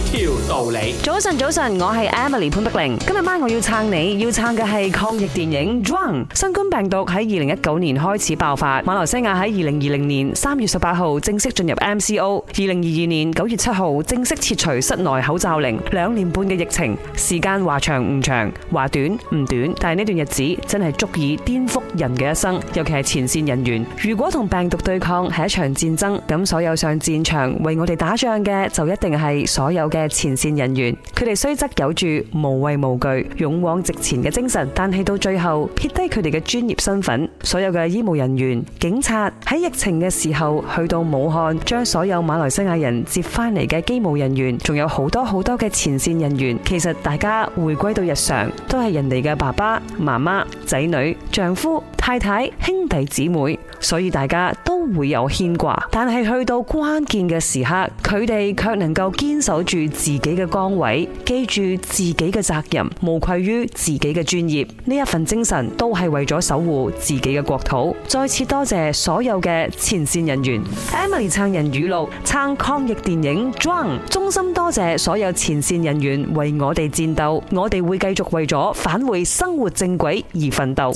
條道理。早晨，早晨，我係 Emily 潘德玲。今日晚我要撐你，要撐嘅係抗疫電影《Juang》。新冠病毒喺二零一九年開始爆發，馬來西亞喺二零二零年三月十八號正式進入 MCO，二零二二年九月七號正式撤除室內口罩令。兩年半嘅疫情，時間話長唔長，話短唔短，但係呢段日子真係足以顛覆人嘅一生。尤其係前線人員，如果同病毒對抗係一場戰爭，咁所有上戰場為我哋打仗嘅，就一定係所有。有嘅前線人員，佢哋雖則有住無畏無懼、勇往直前嘅精神，但係到最後撇低佢哋嘅專業身份。所有嘅醫務人員、警察喺疫情嘅時候去到武漢，將所有馬來西亞人接翻嚟嘅機務人員，仲有好多好多嘅前線人員。其實大家回歸到日常，都係人哋嘅爸爸媽媽、仔女、丈夫。太太、兄弟、姊妹，所以大家都會有牽掛。但係去到關鍵嘅時刻，佢哋卻能夠堅守住自己嘅崗位，記住自己嘅責任，無愧於自己嘅專業。呢一份精神都係為咗守護自己嘅國土。再次多謝所有嘅前線人員 em 撐人。Emily 撐人語錄撐抗疫電影 Juang，衷心多謝所有前線人員為我哋戰鬥。我哋會繼續為咗返回生活正軌而奮鬥。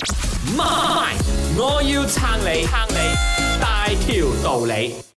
我要撐你，撐你，大條道理。